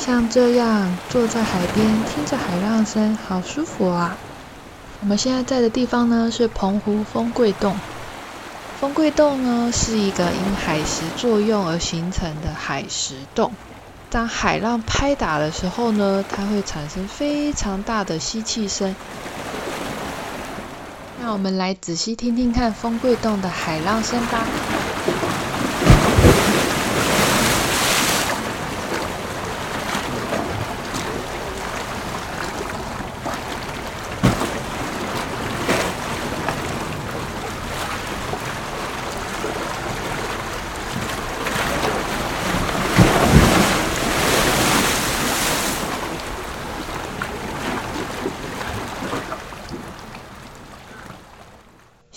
像這樣坐在海邊，聽着海浪聲，好舒服啊！我們現在在的地方呢，是澎湖風櫃洞。風櫃洞呢，是一個因海蝕作用而形成的海蝕洞。當海浪拍打的時候呢，它會產生非常大的吸氣聲。那我們來仔細聽聽看風櫃洞的海浪聲吧。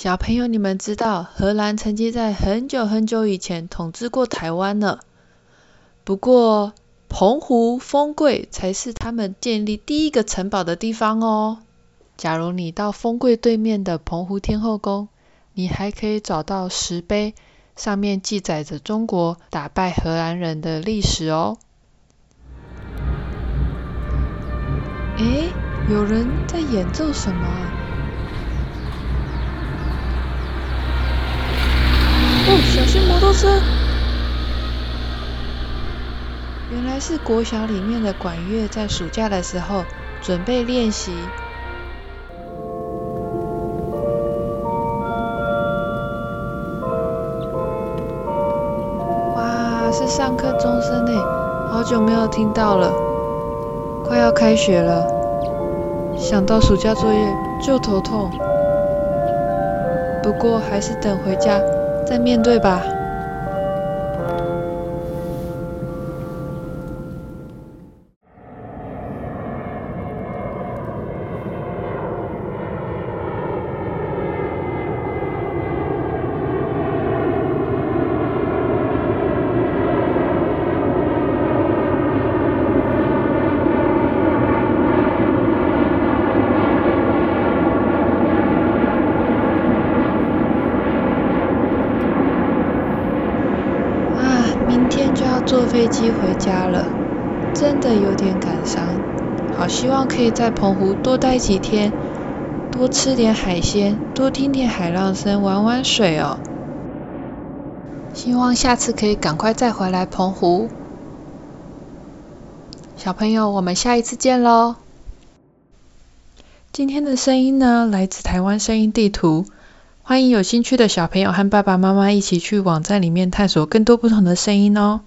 小朋友，你們知道荷蘭曾經在很久很久以前統治過台灣呢。不過，澎湖風櫃才是他們建立第一個城堡的地方哦。假如你到風櫃對面的澎湖天後宮，你還可以找到石碑，上面記載着中國打敗荷蘭人的歷史哦。誒，有人在演奏什麼啊？哦，小心摩托車！原來是國小裡面的管樂在暑假的時候準備練習。哇，是上課鐘聲呢，好久沒有聽到了，快要開學了。想到暑假作業就頭痛，不過還是等回家。再面對吧。坐飛機回家了，真的有點感傷。好希望可以在澎湖多待幾天，多吃點海鮮，多聽聽海浪聲，玩玩水哦。希望下次可以趕快再回來澎湖。小朋友，我們下一次見嘍！今天的聲音呢，來自台灣聲音地圖。歡迎有興趣的小朋友和爸爸媽媽一起去網站裡面探索更多不同的聲音哦。